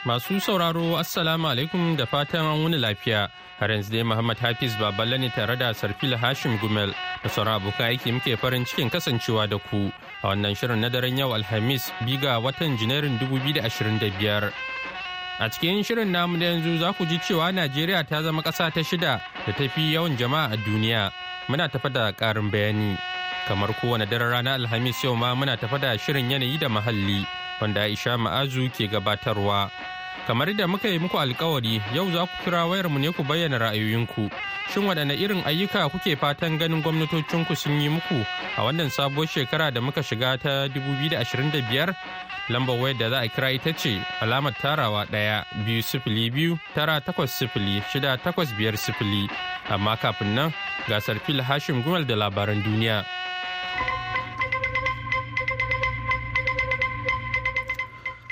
Masu sauraro Assalamu alaikum da fatan an wuni lafiya. Har yanzu dai Muhammad Hafiz Baballe ne tare da Sarfil Hashim Gumel da sauran abokan aiki muke farin cikin kasancewa da ku a wannan shirin na daren yau Alhamis biga watan Janairun 2025. A cikin shirin namu da yanzu za ku ji cewa Najeriya ta zama ƙasa ta shida da ta fi yawan jama'a a duniya. Muna tafa da ƙarin bayani. Kamar kowane daren rana, Alhamis yau ma muna tafa da shirin yanayi da muhalli. wanda Aisha Ma'azu ke gabatarwa. Kamar da muka yi muku alkawari yau za ku kira wayarmu ne ku bayyana ra'ayoyinku. Shin waɗanne irin ayyuka kuke fatan ganin gwamnatocinku sun yi muku a wannan sabuwar shekara da muka shiga ta 2025? Lambar wayar da za a kira ita ce alamar tarawa ɗaya biyu sifili biyu tara takwas sifili shida takwas biyar sifili. Amma kafin nan gasar fil Hashim Gumal da labaran duniya.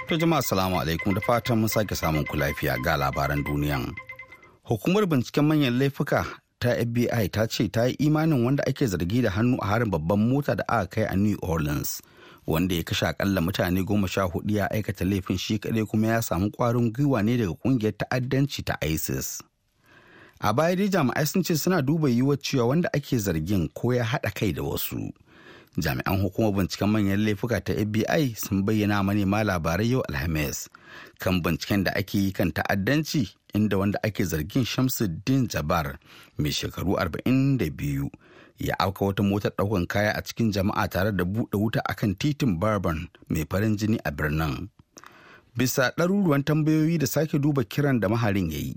To jama'a salamu alaikum da fatan mun sake samun ku lafiya ga labaran duniyan. Hukumar binciken manyan laifuka ta FBI ta ce ta yi imanin wanda ake zargi da hannu a harin babban mota da aka kai a New Orleans. Wanda ya kashe akalla mutane goma sha hudu ya aikata laifin shi kadai kuma ya samu kwarin gwiwa ne daga kungiyar ta'addanci ta ISIS. A baya dai jami'ai sun ce suna duba yiwuwar cewa wanda ake zargin ko ya haɗa kai da wasu. jami'an hukumar binciken manyan laifuka ta fbi sun bayyana manema labarai yau alhamis kan binciken da ake yi kan ta'addanci inda wanda ake zargin shamsuddin jabar mai shekaru 42 ya auka wata motar daukan kaya a cikin jama'a tare da buɗe wuta akan titin barban mai farin jini a birnin bisa ɗaruruwan tambayoyi da sake duba kiran da maharin ya yi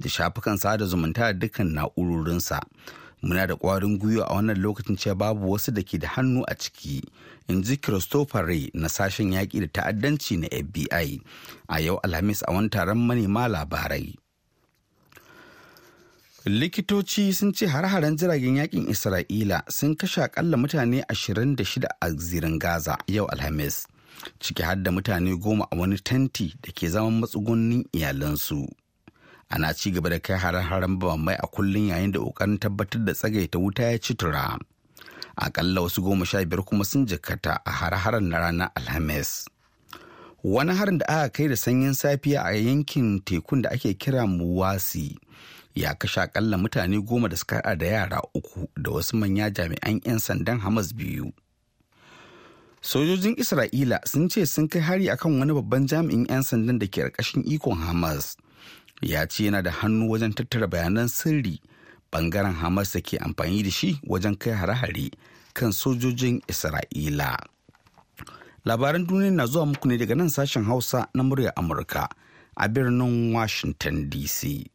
da shafukan sada zumunta da dukkan na'urorinsa muna da ƙwarin gwiwa a wannan lokacin cewa babu wasu da ke da hannu a ciki in ji christopher ray na sashen yaƙi da ta'addanci na fbi a yau alhamis a wani taron manema labarai likitoci sun ce har-haren jiragen yakin isra'ila sun kashe akalla mutane 26 a zirin gaza yau alhamis ciki har da mutane goma a wani tenti da ke zama matsugunnin iyalansu ana ci gaba da kai hare-haren mai a kullum yayin da ƙoƙarin tabbatar da tsagaita wuta ya ci tura akalla wasu goma sha biyar kuma sun jikata a har haren na ranar alhamis wani harin da aka kai da sanyin safiya a yankin tekun da ake kira muwasi ya kashe akalla mutane goma da suka da yara uku da wasu manya jami'an 'yan sandan hamas biyu sojojin isra'ila sun ce sun kai hari akan wani babban jami'in 'yan sandan da ke ƙarƙashin ikon hamas ya ce yana da hannu wajen tattara bayanan sirri bangaren hamas da ke amfani da shi wajen kai hare-hare kan sojojin isra'ila labaran duniya na zuwa muku ne daga nan sashen hausa na murya amurka a birnin washington dc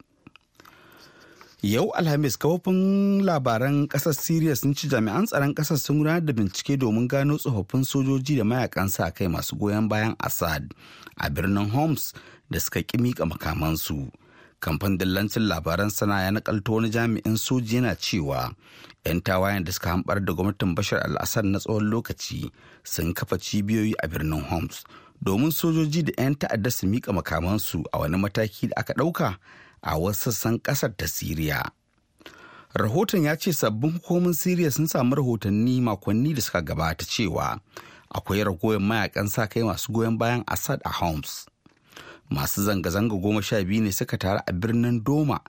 Yau Alhamis kafofin labaran kasar Siriya sun ci jami'an tsaron kasar sun gudanar da bincike domin gano tsofaffin sojoji da mayakan sa kai masu goyon bayan Assad a birnin Homs da suka ki mika makamansu. Kamfan dillancin labaran sana ya nakalto wani jami'in soji yana cewa 'yan tawayen da suka hambar da gwamnatin Bashar al na tsawon lokaci sun kafa cibiyoyi a birnin Homs domin sojoji da 'yan ta'adda su mika makamansu a wani mataki da aka ɗauka a wasu sassan ƙasar ta Siriya. Rahoton ya ce sabbin hukumomin Siriya sun samu rahotanni makonni da suka gabata cewa akwai ragowar mayakan sa kai masu goyon bayan Assad a Homs. Masu zanga-zanga goma sha biyu ne suka taru a birnin Doma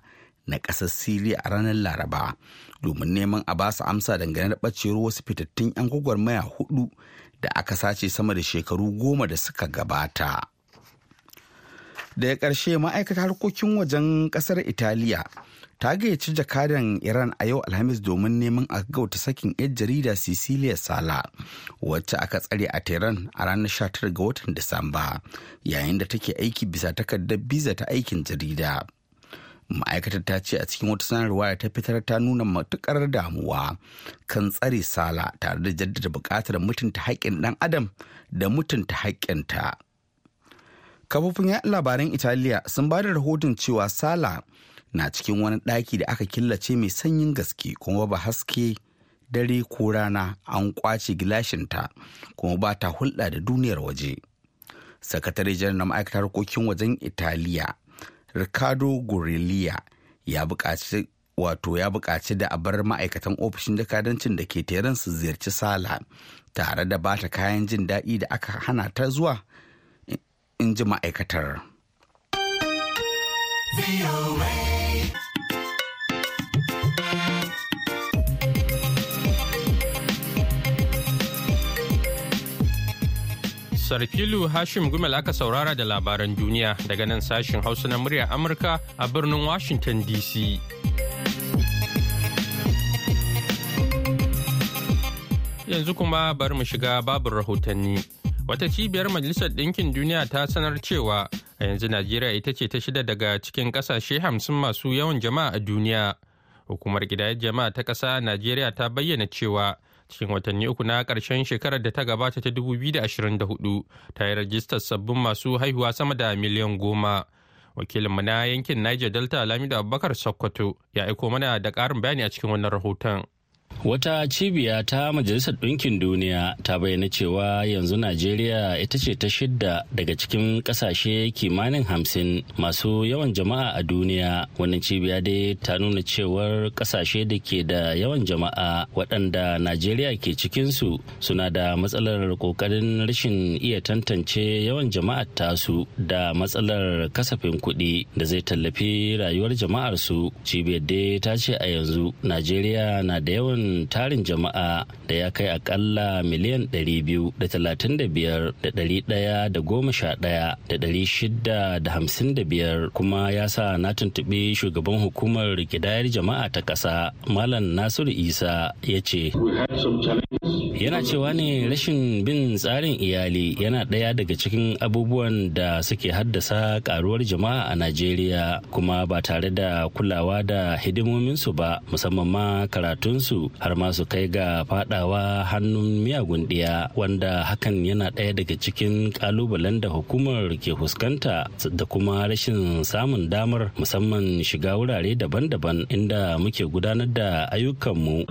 na ƙasar Siriya a ranar Laraba domin neman a basu amsa dangane da ɓacewar wasu fitattun 'yan gwagwarmaya hudu da aka sace sama da shekaru goma da suka gabata. daga ƙarshe ma'aikatar harkokin wajen ƙasar italiya ta gayyaci jakadan iran a yau alhamis domin neman a gauta sakin 'yan jarida cecilia sala wacce aka tsare a tehran a ranar 19 ga watan disamba yayin da take aiki bisa takardar biza ta aikin jarida ma'aikatar ta ce a cikin wata sanarwa da ta fitar ta nuna matukar damuwa kan tsare sala tare da jaddada bukatar mutunta haƙƙin ɗan adam da mutunta haƙƙinta kafofin ya labaran italiya sun ba da rahoton cewa sala na cikin wani ɗaki da aka killace mai sanyin gaske kuma ba haske dare ko rana an kwace gilashinta kuma ba ta hulɗa da duniyar waje sakatare janar na ma'aikatar harkokin wajen italiya ricardo gorelia ya buƙaci wato ya buƙaci da a bar ma'aikatan ofishin jakadancin da ke teran su ziyarci sala tare da ba ta kayan jin daɗi da aka hana ta zuwa in ji ma'aikatar. Sarfilu Hashim Gumel aka saurara da labaran duniya daga nan sashin Hausa na murya Amurka a birnin Washington DC. Yanzu kuma bari mu shiga babin rahotanni. Wata cibiyar Majalisar Ɗinkin Duniya ta sanar cewa a yanzu Najeriya ita ce ta shida daga cikin ƙasashe hamsin masu yawan jama'a a duniya. Hukumar ƙidayar jama'a ta ƙasa Najeriya ta bayyana cewa cikin watanni uku na ƙarshen shekarar da ta gabata ta 2024 ta yi rajistar sabbin masu haihuwa sama da miliyan goma. Wakilinmu na yankin Niger Delta Lamido Abubakar Sokoto ya aiko mana da ƙarin bayani a cikin wannan rahoton. Wata cibiya ta Majalisar Ɗinkin Duniya ta bayyana cewa yanzu Najeriya ita ce ta shidda daga cikin ƙasashe kimanin hamsin masu yawan jama'a a duniya. Wannan cibiya dai ta nuna cewar ƙasashe da ke da yawan jama'a waɗanda Najeriya ke cikinsu suna da matsalar ƙoƙarin rashin iya tantance yawan jama'a tasu da matsalar kasafin kuɗi da zai tallafi rayuwar jama'arsu. Cibiyar dai ta ce a yanzu Najeriya na da yawan tarin jama'a da ya kai akalla miliyan 235,111,655 kuma ya sa na tuntuɓi shugaban hukumar kidayar jama'a ta ƙasa malam nasiru isa ya ce yana cewa ne rashin bin tsarin iyali yana ɗaya daga cikin abubuwan da suke haddasa ƙaruwar jama'a a najeriya kuma ba tare da kulawa da hidimominsu ba musamman ma karatunsu har ma su kai ga fadawa hannun miyagun ɗiya wanda hakan yana ɗaya daga cikin kalubalen da hukumar ke fuskanta da kuma rashin samun damar musamman shiga wurare daban-daban inda muke gudanar da ayyukanmu.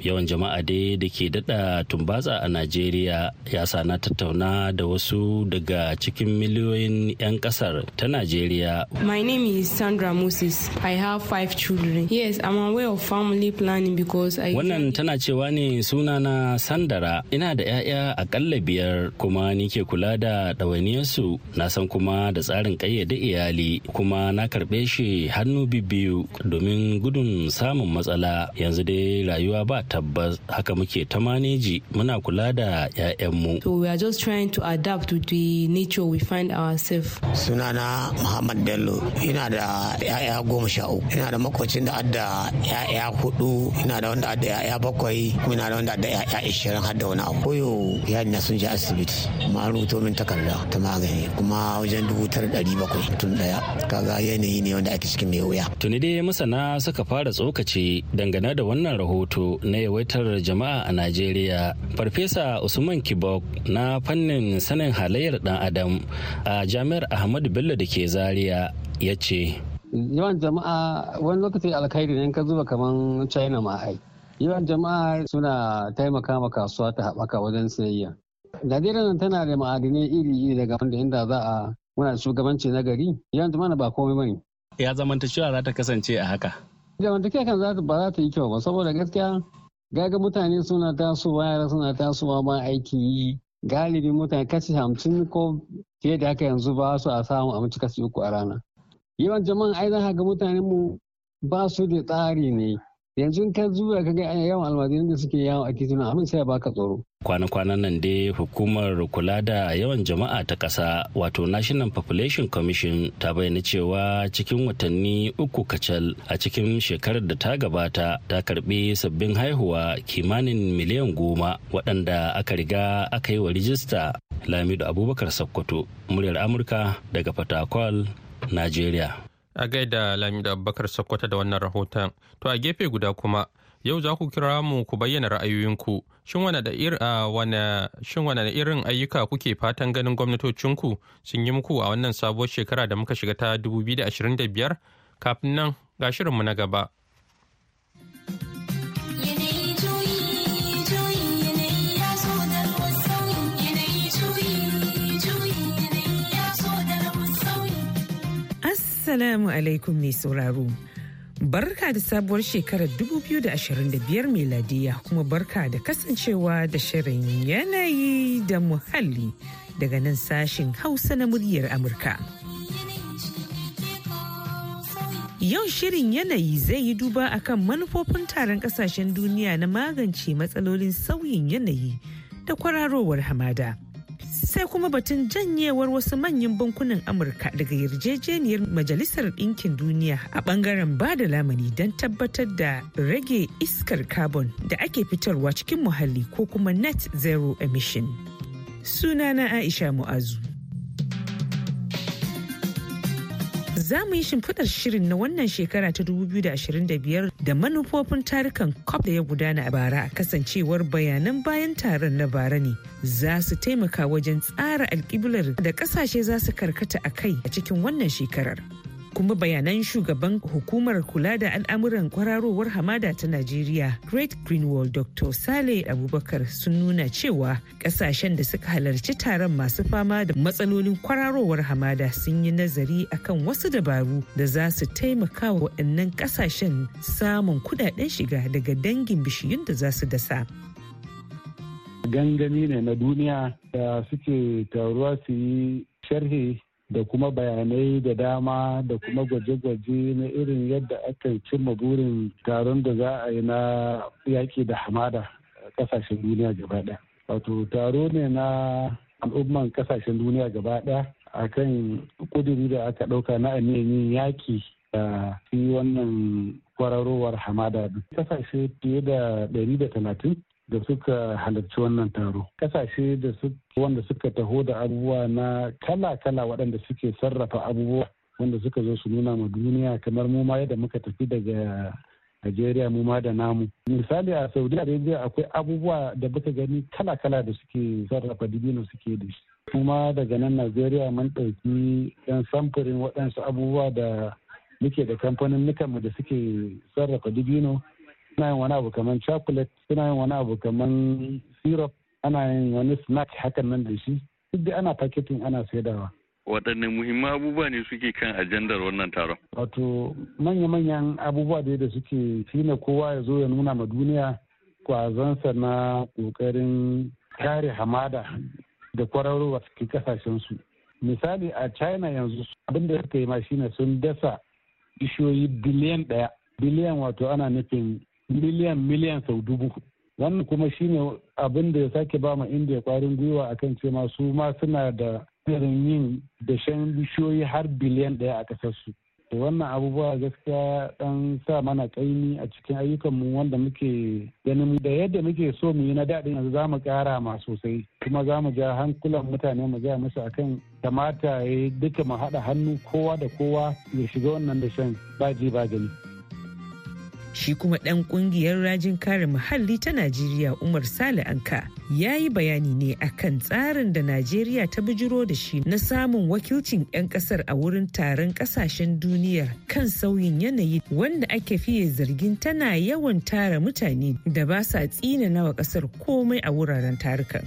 yawan jama'a dai da ke dada tumbatsa a najeriya ya sa na tattauna da wasu daga cikin miliyoyin 'yan kasar ta najeriya my name is sandra moses i have five children yes i'm aware of family planning because i wannan tana cewa ne sunana sandara ina da 'ya'ya akalla biyar kuma nike kula da ɗawainiyarsu na san kuma da tsarin ƙayyade iyali kuma na karɓe shi hannu bibiyu domin gudun samun matsala yanzu dai rayuwa ba ba tabbas haka muke ta maneji muna kula da 'ya'yanmu. So we are just trying to adapt to the nature we find ourselves. Sunana Muhammad Bello ina da 'ya'ya goma sha uku ina da makwacin da adda 'ya'ya hudu ina da wanda adda 'ya'ya bakwai kuma ina da wanda adda 'ya'ya ishirin har da wani abu. Koyo yayin na sun je asibiti ma rubuto min takarda ta magani kuma wajen dubu tara ɗari bakwai tun ɗaya kaga yanayi ne wanda ake cikin mai wuya. Tuni dai masana suka fara tsokace dangane da wannan rahoto na yawaitar jama'a a najeriya farfesa usman kibok na fannin sanin halayyar ɗan adam a jami'ar ahmadu bello da ke zaria ya ce yawan jama'a wani lokaci alkhairi ne ka zuba kamar china ma ai yawan jama'a suna taimaka ma kasuwa ta haɓaka wajen sayayya najeriya tana da ma'adinai iri iri daga wanda inda za a muna shugabanci na gari yawan jama'a ba komai bane ya zamanta cewa za ta kasance a haka Jamantake kan za ba za ta yi kyau ba saboda gaskiya gaga mutane suna tasowa yara suna tasowa ba aiki yi galibi mutane kashi hamsin ko fiye da haka yanzu ba su a samu abinci kashi uku a rana. Yawan jama'an ai za ga mutanen mu ba su da tsari ne yanzu ka zuwa ka ga yawan almajirin da suke yawo a tituna abin sai baka tsoro kwana-kwanan nan dai hukumar kula da yawan jama'a ta ƙasa wato national population commission ta bayyana cewa cikin watanni uku kacal a cikin shekarar da ta gabata ta karbi sabbin haihuwa kimanin miliyan goma waɗanda aka riga aka yi wa rijista lamidu abubakar sakkwato muryar amurka daga fatakwal nigeria a gaida Lamido Abubakar Sokoto da wannan rahoton. To a gefe guda kuma yau za ku kira mu ku bayyana ra'ayoyinku. Shin wane da irin ayyuka kuke fatan ganin gwamnatocinku sun yi muku a wannan sabuwar shekara da muka shiga ta 2025? Kafin nan ga shirinmu na gaba. Assalamu alaikum ne sauraro. Barka da sabuwar shekarar 2025 miladiya kuma barka da kasancewa da shirin yanayi da muhalli daga nan sashen Hausa na muryar Amurka. Yau shirin yanayi zai yi duba akan manufofin taron kasashen duniya na magance matsalolin sauyin yanayi da kwararowar hamada. sai kuma batun janyewar wasu manyan bankunan amurka daga yarjejeniyar majalisar ɗinkin duniya a ɓangaren ba da lamani don tabbatar da rage iskar carbon da ake fitarwa cikin muhalli ko kuma net zero emission sunana aisha mu'azu za mu yi shimfiɗar shirin na wannan shekara ta 2025 da manufofin tarikan COP da ya gudana a bara a kasancewar bayanan bayan taron na bara ne za su taimaka wajen tsara alkiblar da ƙasashe za su karkata a kai a cikin wannan shekarar. kuma bayanan shugaban hukumar kula da al'amuran kwararowar hamada ta najeriya great greenwald dr sale abubakar sun nuna cewa kasashen da suka halarci taron masu fama da matsalolin kwararowar hamada sun yi nazari akan wasu dabaru da za su taimaka wa waɗannan kasashen samun kudaden shiga daga dangin bishiyun da za su dasa gangami ne na duniya da suke taruwa su yi sharhi da kuma bayanai da dama da kuma gwaje-gwaje na irin yadda aka cimma burin taron da za a yi na yaƙi da hamada a ƙasashen duniya gaba ɗaya. Wato taro ne na al'umman ƙasashen duniya gaba ɗaya a kan ƙuduri da aka ɗauka na aniyan yin yaƙi da fi wannan kwararowar hamada. Ƙasashe fiye da ɗari da talatin da suka halarci wannan taro kasashe da wanda suka taho da abubuwa na kala-kala waɗanda suke sarrafa abubuwa wanda suka zo su nuna ma duniya kamar mu ma yadda muka tafi daga Najeriya mu ma da namu. Misali a Saudi Arabia akwai abubuwa da buka gani kala-kala da suke sarrafa dibino suke da shi. Kuma daga nan Najeriya mun ɗauki ɗan samfurin waɗansu abubuwa da muke da kamfanin mu da suke sarrafa dibino suna yin wani abu kamar chocolate suna yin wani abu kamar syrup ana yin wani snack hakan nan da shi duk da ana packaging ana saidawa waɗanne muhimman abubuwa ne suke kan ajandar wannan taron wato manya-manyan abubuwa da da suke fina kowa ya zo ya nuna ma duniya kwazansa na ƙoƙarin kare hamada da kwararowa cikin ƙasashensu misali a china yanzu abin da suka yi ma shine sun dasa bishiyoyi biliyan ɗaya biliyan wato ana nufin miliyan miliyan sau dubu wannan kuma shine abin da ya sake ba ma indiya kwarin gwiwa akan ce ma su ma suna da irin yin dashen bishiyoyi har biliyan daya a kasarsu to wannan abubuwa gaskiya dan sa mana kaini a cikin ayyukanmu wanda muke ganin da yadda muke so mu yi na daɗin yanzu za mu ƙara ma sosai kuma za mu ja hankulan mutane mu gaya musu akan kamata ya duka mu haɗa hannu kowa da kowa ya shiga wannan dashen ba ji ba gani. shi kuma ɗan ƙungiyar rajin kare muhalli ta najeriya umar sale anka ya yi bayani ne akan tsarin da najeriya ta bijiro da shi na samun wakilcin 'yan ƙasar a wurin taron ƙasashen duniya kan sauyin yanayi wanda ake fiye zargin tana yawan tara mutane da ba sa tsina nawa ƙasar komai a wuraren tarukan.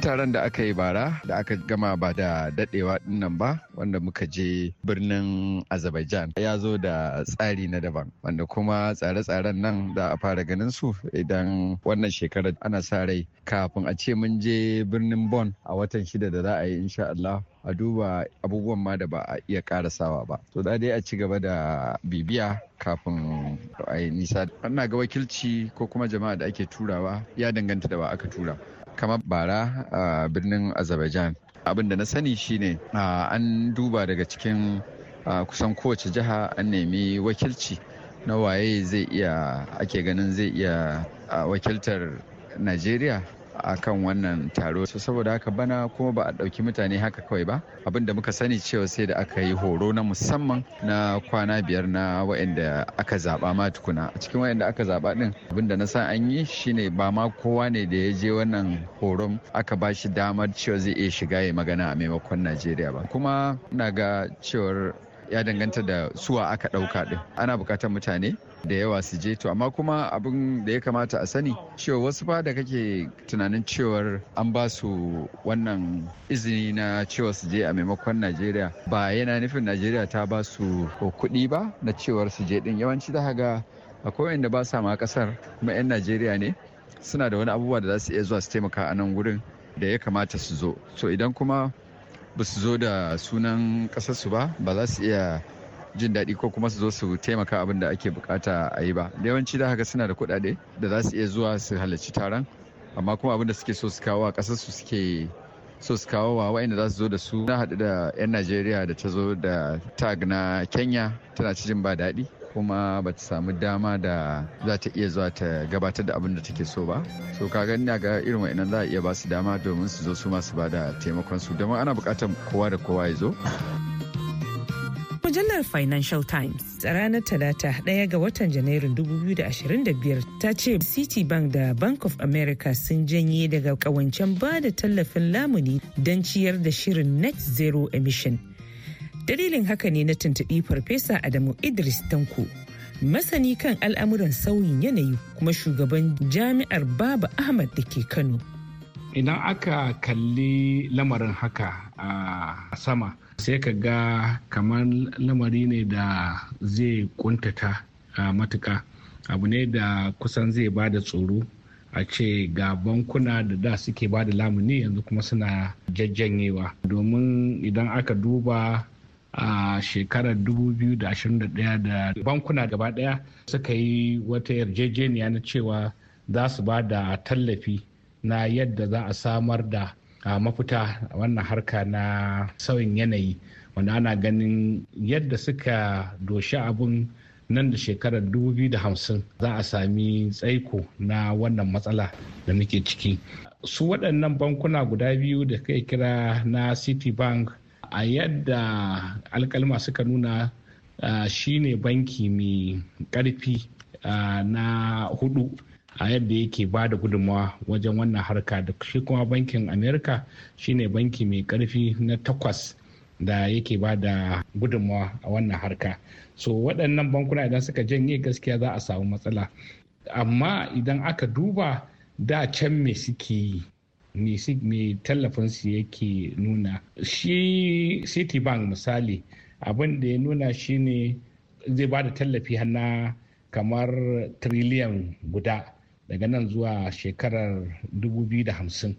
taron da aka yi bara da aka gama ba da dadewa dinnan ba wanda muka je birnin azerbaijan ya zo da tsari na daban wanda kuma tsare-tsaren nan da a fara ganin su idan wannan shekarar ana sa rai kafin a ce mun je birnin bon a watan shida da za a yi insha Allah a duba abubuwan ma da ba a iya karasawa ba to da dai a ci gaba da bibiya kafin a yi nisa ana ga wakilci ko kuma jama'a da ake turawa ya danganta da ba aka tura kamar bara a birnin azerbaijan abin da na sani shine an duba daga cikin kusan kowace jiha an nemi wakilci na waye zai iya ake ganin zai iya wakiltar najeriya a kan wannan taro saboda haka bana kuma ba a ɗauki mutane haka kawai ba abin da muka sani cewa sai da aka yi horo na musamman na kwana biyar na waɗanda aka zaɓa ma tukuna a cikin waɗanda aka zaɓa ɗin abin da na san an yi shine ba ma kowa ne da ya je wannan horon aka ba shi damar cewa zai iya shiga ya magana a maimakon najeriya ba kuma na ga cewar ya danganta da suwa aka ɗauka ɗin ana buƙatar mutane da yawa su je to amma kuma abin da ya kamata a sani cewa wasu ba da kake tunanin cewar an ba su wannan izini na cewa su je a maimakon najeriya ba yana nufin najeriya ta ba su kuɗi ba na cewar su je ɗin yawanci za haga. akwai wanda ba sa ma ƙasar kuma 'yan najeriya ne suna da wani abubuwa da za su iya zuwa su taimaka a nan wurin da ya kamata su zo to idan kuma ba su zo da sunan ƙasarsu ba ba za su iya jin daɗi ko kuma su zo su taimaka abin da ake bukata a yi ba yawanci da haka suna da kuɗaɗe da za su iya zuwa su halarci taron amma kuma abin da suke so su kawo a ƙasar suke so su kawo wa wa'inda za su zo da su na haɗu da 'yan najeriya da ta zo da tag na kenya tana cikin ba daɗi kuma ba ta samu dama da za ta iya zuwa ta gabatar da abin da take so ba so ka gani na ga irin wa'annan za a iya ba su dama domin su zo su masu ba da taimakon su domin ana buƙatar kowa da kowa ya zo mujallar financial times a ranar talata ɗaya ga watan janairun 2025 ta ce Bank da bank of america sun janye daga kawancen ba da tallafin lamuni don ciyar da shirin net zero emission Dalilin haka ne na tuntuɓi Farfesa Adamu Idris Tanko, masani kan al'amuran sauyin yanayi kuma shugaban jami'ar Baba Ahmad da ke Kano. Idan aka kalli lamarin haka a sama, sai ka ga kamar lamari ne da zai kuntata matuka. abu ne da kusan zai ba da tsoro a ce ga bankuna da da suke ba da lamuni yanzu kuma suna jajjanyewa domin idan aka duba a shekarar 2021 da bankuna gaba daya suka yi wata yarjejeniya na cewa za su ba da tallafi na yadda za a samar da mafita wannan harka na sauyin yanayi wanda ana ganin yadda suka doshi abun nan da shekarar 2050 za a sami tsaiko na wannan matsala da muke ciki su waɗannan bankuna guda biyu da kai kira na citibank a yadda alkalma suka nuna shi ne banki mai karfi na hudu a yadda yake ba da gudunmawa wajen wannan harka da shi kuma bankin america ne banki mai karfi na takwas da yake ba da gudunmawa a wannan harka so waɗannan bankuna idan suka janye gaskiya za a samu matsala amma idan aka duba da can me suke yi mai su yake nuna shi citibank misali abin da ya nuna shine zai ba da tallafi na kamar triliyan guda daga nan zuwa shekarar 2050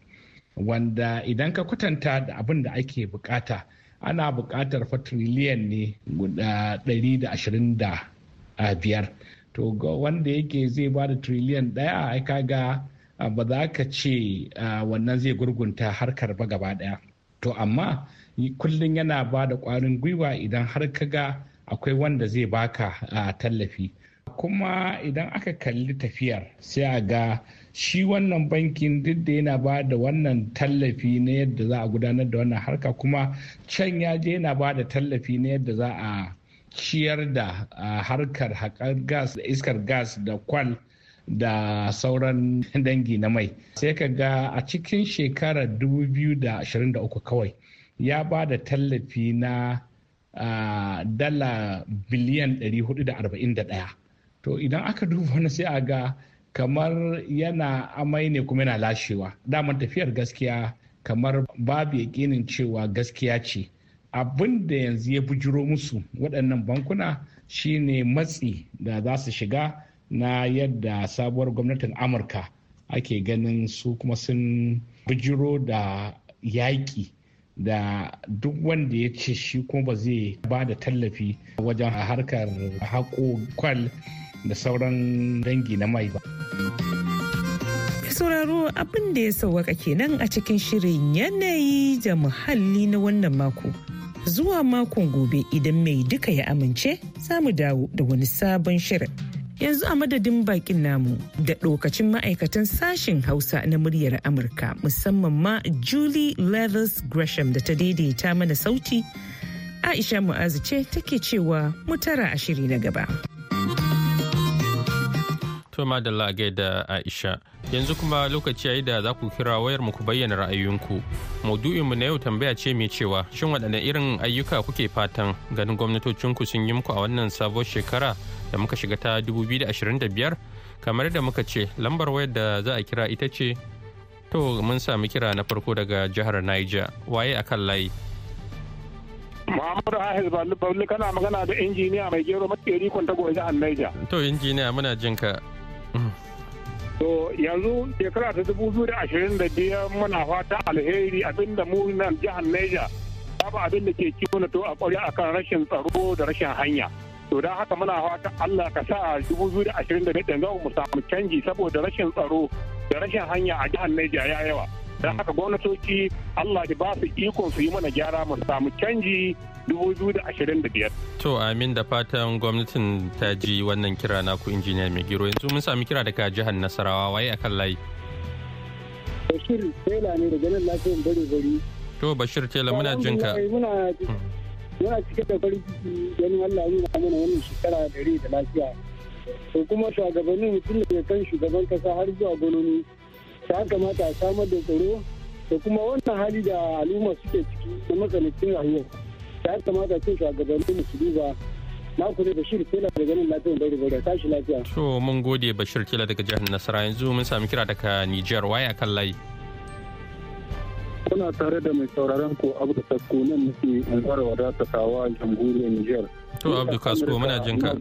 wanda idan ka kwatanta da abin da ake bukata ana bukatar fa triliyan ne guda 125 to wanda yake zai ba da triliyan daya ai ga. ba za ka ce wannan zai gurgunta harkar ba gaba daya to amma kullum yana ba da kwarin gwiwa idan har ka ga akwai wanda zai baka tallafi kuma idan aka kalli tafiyar sai a ga shi wannan bankin duk da yana ba da wannan tallafi na yadda za a gudanar da wannan harka kuma can ya je yana ba da tallafi na yadda za a ciyar da harkar haƙar gas da iskar gas da kwal da sauran dangi na mai sai ka ga a cikin shekarar 2023 kawai ya ba da tallafi na dala biliyan 441 to idan aka duba wani sai a ga kamar yana amai ne kuma yana lashewa damar tafiyar gaskiya kamar babu yakinin cewa gaskiya ce abin da yanzu ya bujiro musu waɗannan bankuna shine matsi da za su shiga na yadda sabuwar gwamnatin amurka ake ganin su kuma sun bijiro da yaƙi da duk wanda ya ce shi kuma ba zai ba da tallafi wajen harkar haƙo kwal da sauran dangi na mai ba. sauraro abin da ya sauwaka kenan a cikin shirin yanayi da muhalli na wannan mako. Zuwa makon gobe idan mai duka ya amince, za mu dawo da wani sabon shirin. yanzu a madadin bakin namu da ɗokacin ma'aikatan sashen hausa na muryar amurka musamman ma julie leathers gresham da ta daidaita mana sauti aisha mu'azu ce take cewa mutara a shiri na gaba da madalla da aisha yanzu kuma lokaci yayi da za ku kira wayar mu ku bayyana ra'ayoyinku maudu'inmu na yau tambaya ce mai cewa shin waɗanne irin ayyuka kuke fatan ganin gwamnatocinku sun yi muku a wannan sabuwar shekara da muka shiga ta 2025 kamar da muka ce lambar wayar da za a kira ita ce to mun sami kira na farko daga jihar niger waye a kan layi Muhammadu Ahis Balli kana magana da injiniya mai gero makeri ta gobe jihar Niger. To injiniya muna jin ka. Mm. To yanzu shekara ta dubu biyu da ashirin da biyar muna fata alheri abinda mu nan jihar Niger babu abin da ke kiwo na to a kwarya akan rashin tsaro da rashin hanya. to don haka muna fata Allah ka sa 2021 ɗin mu samu canji saboda rashin tsaro da rashin hanya a jihar Najeriya ya yawa don haka gwamnatoci Allah ya ba su ikon su yi mana gyara mu samu canji 2025. To amin da fatan gwamnatin ta ji wannan kira na ku injiniya mai giro yanzu mun sami kira daga jihar Nasarawa waye a kan layi. Bashir Tela ne daga nan lafiyan bari bari. To Bashir Tela muna jinka. Muna hmm. muna cike da farin ciki ganin Allah nuna mana wannan shekara da rai da lafiya to kuma shugabannin mutum da kan shugaban kasa har zuwa gononi ta kamata a samar da tsaro da kuma wannan hali da al'umma suke ciki da matsanancin rayuwa ta kamata ce shugabannin su duba naku ne bashir Kila daga nan lafiyan bari bari tashi lafiya to mun gode bashir kela daga jihar nasara yanzu mun sami kira daga nijar waya kan layi kuna tare da mai sauraron ko abu da sasko nan muke in fara wadata kawa jamhuriyar Nijar. To Abdu Kasko muna jin ka.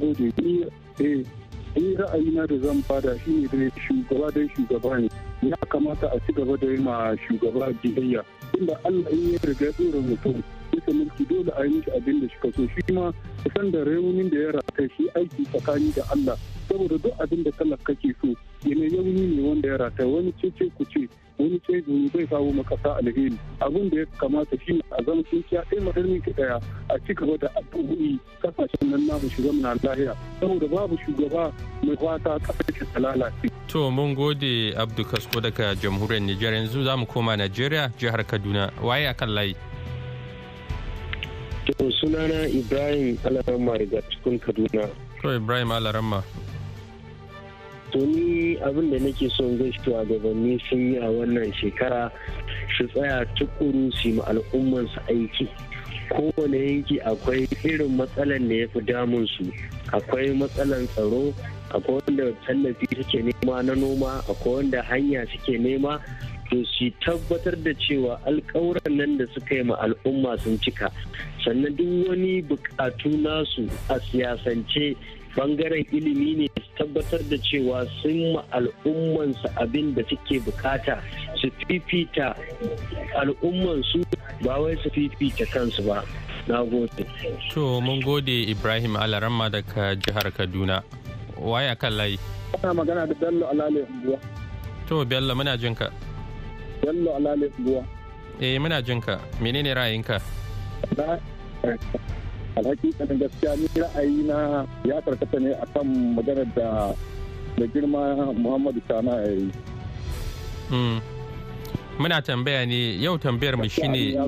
Eh, ra'ayi na da zan fada shi ne shugaba dai shugaba ne. Ya kamata a ci gaba da yi ma shugaba jiyayya. Inda Allah in ya riga ya tsoro mutum bisa mulki dole a yi mishi abin da shi ka so shi ma kusan da raunin da ya rata shi aiki tsakani da Allah saboda duk abin da talaka ke so ne yauni ne wanda ya rata wani cece ku ce wani canji zai kawo ma kasa alheri abin da ya kamata shi a zama sun kiya ɗaya madarmi ki ɗaya a ci gaba da addu'o'i kasashen nan namu shiga na lahiya saboda babu shugaba mai fata kasashen ta lalace. to mun gode abdu kasko daga jamhuriyar nijar yanzu za mu koma najeriya jihar kaduna waye a kan layi. to sunana ibrahim alaramma daga cikin kaduna. to ibrahim alaramma to ni abin da nake son zai shugabanni sun yi a wannan shekara su tsaya tukuru su yi al'ummansu aiki kowane yanki akwai irin matsalar da ya fi damunsu akwai matsalan tsaro akwai wanda tallafi suke nema na noma akwai wanda hanya suke nema to su tabbatar da cewa alkawuran nan da suka yi ma al'umma sun cika sannan duk wani bukatu nasu a siyasance bangaren ilimi ne tabbatar da cewa sun ma al'ummansu abin da suke bukata su fifita al'ummansu ba wai su fifita kansu ba na gode to mun gode ibrahim alaramma daga jihar kaduna waya kan layi ana magana da bello alale buwa. to bello muna jinka bello alale buwa. eh muna jinka menene ra'ayinka alhakikanin gaskiya ni ra'ayi na ya karkata ne akan maganar da da girma muhammadu sana ya yi hmm. muna tambaya ne yau tambayar mu shine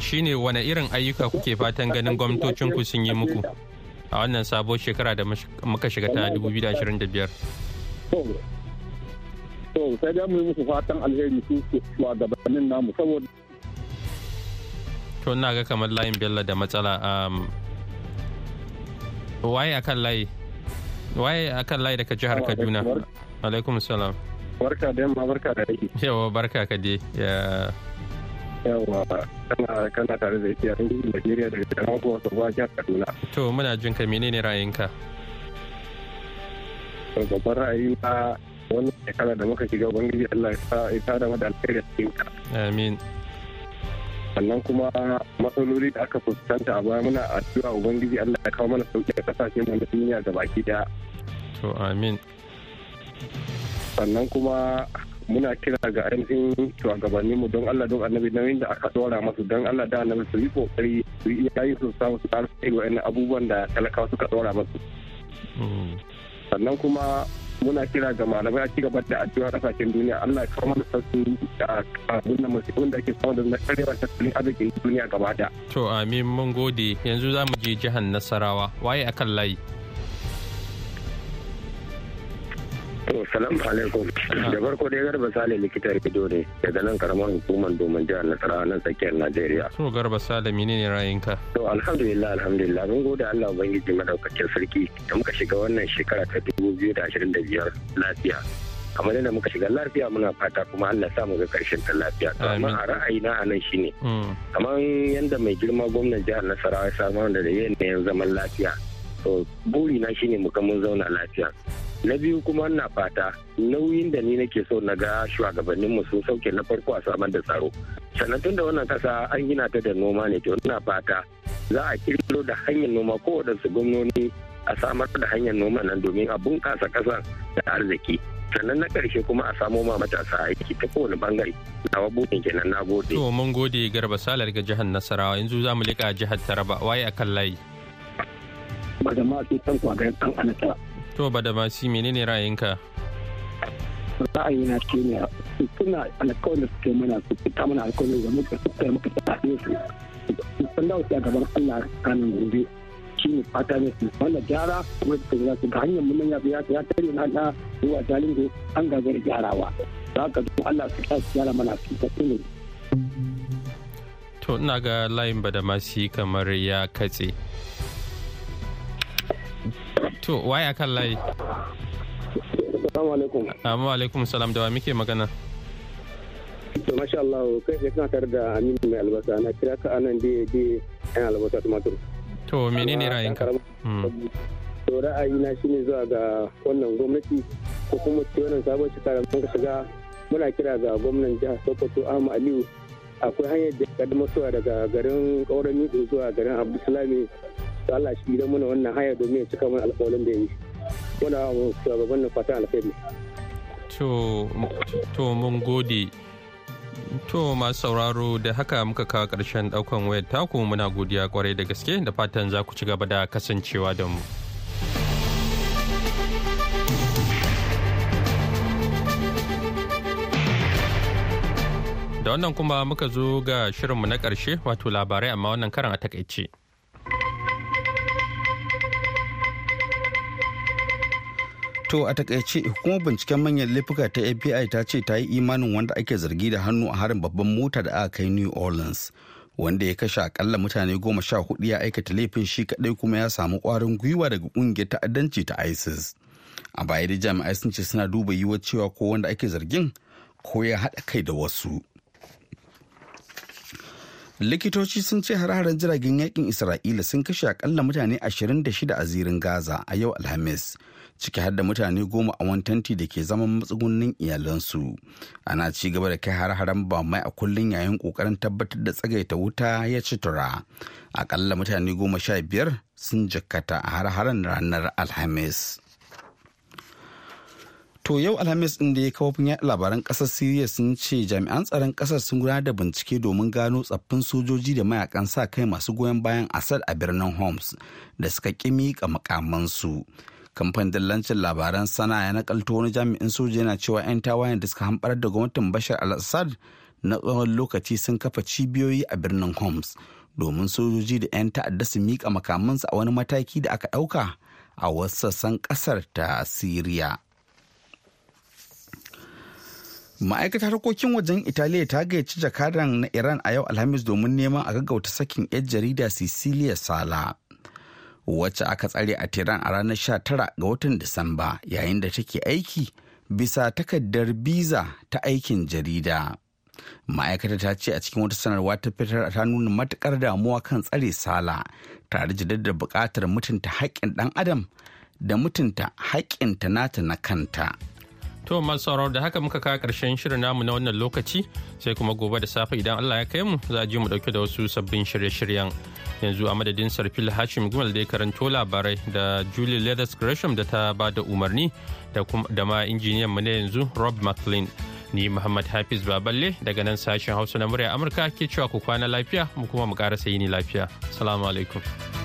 shine wane irin ayyuka kuke fatan ganin gwamnatocin ku sun yi muku a wannan sabon shekara da muka shiga ta 2025 to sai da mu yi musu fatan alheri su gabanin namu saboda to ina ga kamar layin bello da matsala um, waye akan layi waye akan layi daga jihar kaduna alaikum salam barka da yamma barka da aiki yawa barka ka dai yawa kana kana tare da ita yan gudu Najeriya daga jihar Abuja zuwa jihar Kaduna to muna jin ka menene ra'ayinka to babban ra'ayi na wannan shekara da muka shiga ubangiji Allah ya sa ita da mu da cikin ka amin sannan kuma matsaloli da aka fuskanta a baya muna addu'a ubangiji Allah ya kawo mana sauki a kasashen mu na duniya da baki daya to amin sannan kuma muna kira ga ainihin shugabanni mu don Allah don annabi nauyin da aka dora masu don Allah da annabi su yi kokari su yi yayin su samu su karfi irin abubuwan da talakawa suka dora masu mm. sannan kuma muna kira ga malamai a ci gaba da addu'a kasashen duniya Allah ya kawo mana sassu a abin masifin wanda ake samun da na karewa tattalin arzikin duniya gaba da. To amin mun gode yanzu za mu je jihar Nasarawa waye akan layi. To, salamu alaikum. Da farko dai garba sale likitar ido ne daga nan karamar hukumar domin jihar Nasarawa nan tsakiyar Najeriya. To, garba sale menene ra'ayinka? To, alhamdulillah alhamdulillah mun gode Allah ubangiji madaukakin sarki da muka shiga wannan shekara ta 2025 lafiya. kamar yadda muka shiga lafiya muna fata kuma Allah sa mu ga karshen ta lafiya to amma a ra'ayina a nan shine hmm. kamar yadda mai girma gwamnan jihar Nasarawa ya samar da yanayin zaman lafiya to buri na shine mu ga mun zauna lafiya na biyu kuma na fata nauyin da ni nake so na ga shugabanninmu sun sauke na farko a samar da tsaro sannan tun da wannan kasa an gina ta da noma ne to na fata za a kirkiro da hanyar noma ko kowaɗansu gwamnoni a samar da hanyar noma nan domin a bunkasa kasa da arziki sannan na ƙarshe kuma a samo ma matasa aiki ta kowane bangare nawa buɗin kenan na gode. to mun gode garba salar ga jihar nasarawa yanzu za mu leƙa jihar taraba waye akan layi. madama da tankwa ga 'yan kan anata To Badamasi menene ra'ayinka? ra'ayina ke ne suna alkawarin suke mana su fita mana alkawarin da muka suka yi muka tafi su sun da wasu a gaban Allah kanin gobe shi ne fata ne su wanda gyara kuma su za su ga hanyar mun ya biya ya tare na da zuwa jalingo an gagar gyarawa za ka zo Allah su ta su gyara mana su tafi ne. To ina ga layin badamasi kamar ya katse. To, waye a kan layi? Assalamu alaikum. Assalamu alaikum salam da wa muke magana. To, masha Allah, kai sai kana tare da Aminu mai albasa, na kira ka anan da ya je yan albasa tumatur. To, menene ra'ayinka? Hmm. To, shi ne zuwa ga wannan gwamnati ko kuma ce wannan sabon shekara mun shiga muna kira ga gwamnan jihar Sokoto Ahmad Aliyu akwai hanyar da kaddamar daga garin Kauran Mido zuwa garin Abdulsalami da Allah shi idan muna wannan haya domin ya cika mana alƙawarin da ya yi shugaban nan fatan alkhairi to mun gode To masu sauraro da haka muka kawo ƙarshen ɗaukan wayar taku muna godiya kwarai da gaske da fatan za ku ci gaba da kasancewa da mu. Da wannan kuma muka zo ga shirinmu na ƙarshe wato labarai amma wannan karan a takaice. To a takaice hukumar binciken manyan laifuka ta FBI ta ce ta yi imanin wanda ake zargi da hannu a harin babban mota da aka kai New Orleans. Wanda ya kashe akalla mutane goma sha hudu ya aikata laifin shi kadai kuma ya samu kwarin gwiwa daga kungiyar ta'addanci ta ISIS. A baya da jami'ai sun ce suna duba yiwuwar cewa ko wanda ake zargin ko ya haɗa kai da wasu. likitoci sun ce hararen jiragen yakin isra'ila sun kashe akalla mutane 26 a zirin gaza a yau alhamis ciki har da mutane goma a wantanti da ke zaman matsugunnin iyalansu ana ci gaba da kai har-haren ba mai a kullum yayin kokarin tabbatar da tsagaita wuta ya ci tura akalla mutane goma sha biyar sun jikkata a har-haren ranar alhamis To yau Alhamis ɗin da ya kawo yaɗa labaran ƙasar Siriya sun ce jami'an tsaron ƙasar sun gudanar da bincike domin gano tsaffin sojoji da mayakan sa kai masu goyon bayan asad a birnin Homs da suka ƙi miƙa makamansu. kamfan dillancin labaran sana ya kalto wani jami'in soja yana cewa 'yan tawayen da suka hambar da gwamnatin bashar al-assad na tsawon lokaci sun kafa cibiyoyi a birnin homs domin sojoji da 'yan ta'adda su mika makamansu a wani mataki da aka ɗauka a wasu sassan ƙasar ta siriya ma'aikatar harkokin wajen italiya ta gayyaci jakadan na iran a yau alhamis domin neman a gaggauta sakin 'yan jarida cecilia sala wacce aka tsare a Tehran a ranar 19 ga watan Disamba yayin da take aiki bisa takardar biza ta aikin jarida. Ma'aikata ta ce a cikin wata sanarwa ta fitar ta nuna matukar damuwa kan tsare sala tare da buƙatar mutunta haƙƙin ɗan adam da mutunta haƙƙin ta nata na kanta. To masu sauraro da haka muka kawo karshen shirin namu na wannan lokaci sai kuma gobe da safe idan Allah ya kai mu za ji mu dauke da wasu sabbin shirye-shiryen. Yanzu a madadin Sarfil Hashim Gumal da ya karanto labarai da Julie Leathers Gresham da ta ba da umarni da ma injiniyan mu na yanzu Rob McLean. Ni Muhammad Hafiz Baballe daga nan sashen Hausa na murya Amurka ke cewa ku kwana lafiya mu kuma mu ƙara sayi ni lafiya. Salamu alaikum.